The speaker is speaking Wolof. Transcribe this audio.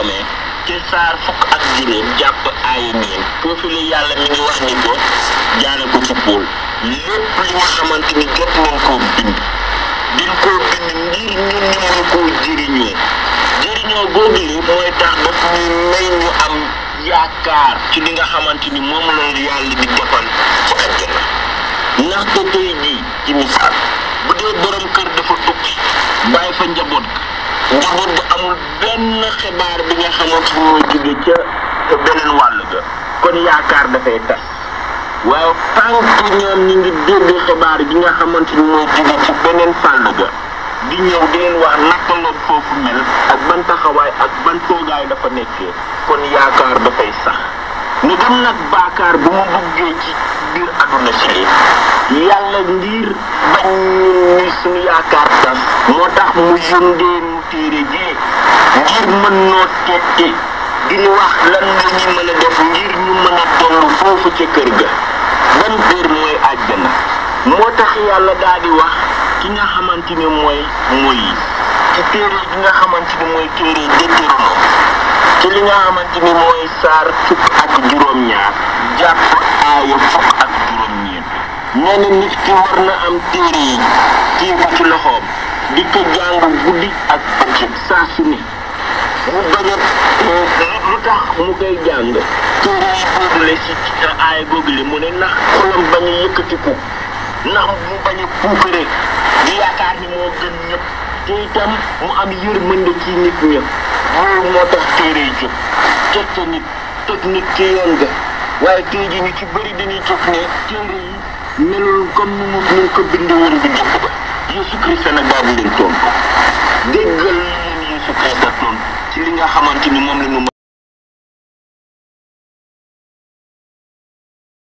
amee ci saar fukk ak juróom jàpp ay neen foofu la yàlla mi ngi wax ni ko jaare ko ci pool lépp li nga xamante jot nañ koo bind ngir ñu mën koo jëriñoo jëriñoo googu yi mooy tax daf ñuy may am yaakaar ci li nga xamante ni moom la yàlla di defal ci àjjana ndaxte tey jii ci misaal bu dee borom kër dafa tukki bàyyi fa njaboot njaboot amul benn xibaar bi nga xamante ni moo jóge ca beneen wàll ga kon yaakaar dafay tas waaw tànk ñoom ñi ngi dégg xibaar bi nga xamante ni moo jóge ci beneen fàll ga di ñëw di leen wax ak ban taxawaay ak ban toogaay dafa nekkee kon yaakaar dafay sax ñu dem bu mu duggee ci biir àdduna si lii yàlla ndiir bañ ñun ñi suñu yaakaar tas moo tax mu yëndee mu téere pour mën noo tetti di wax lan la ñuy mën a def ngir ñu mën a toll foofu ca kër ga ban kër mooy àjjana moo tax yàlla daal di wax ki nga xamante ni mooy mooy ci téere bi nga xamante ni mooy téere Deutéronome ci li nga xamante ni mooy saar fukk ak juróom-ñaar jàpp aaya fukk ak juróom-ñeent nee nit ki war na am téere yi téye ko di ko jàng guddi ak bëccëg saa mu bañ a lu tax mu koy jàng pour muy góobale si aay góobale mu ne ndax xolam bañ a yëkkatiku ndax mu bañ a puukare di yaakaar ni moo gën ñëpp te itam mu am yërmande ci nit ñëpp loolu moo tax téere yi jóg teg nit teg nit ci yoon ga waaye tey ji ci bëri dañuy jóg ne téere yi melul comme ni mu ko bindee bi bu njëkk ba Yesu Christ nag baabu leen tontu ci li nga xamante ni moom la ñu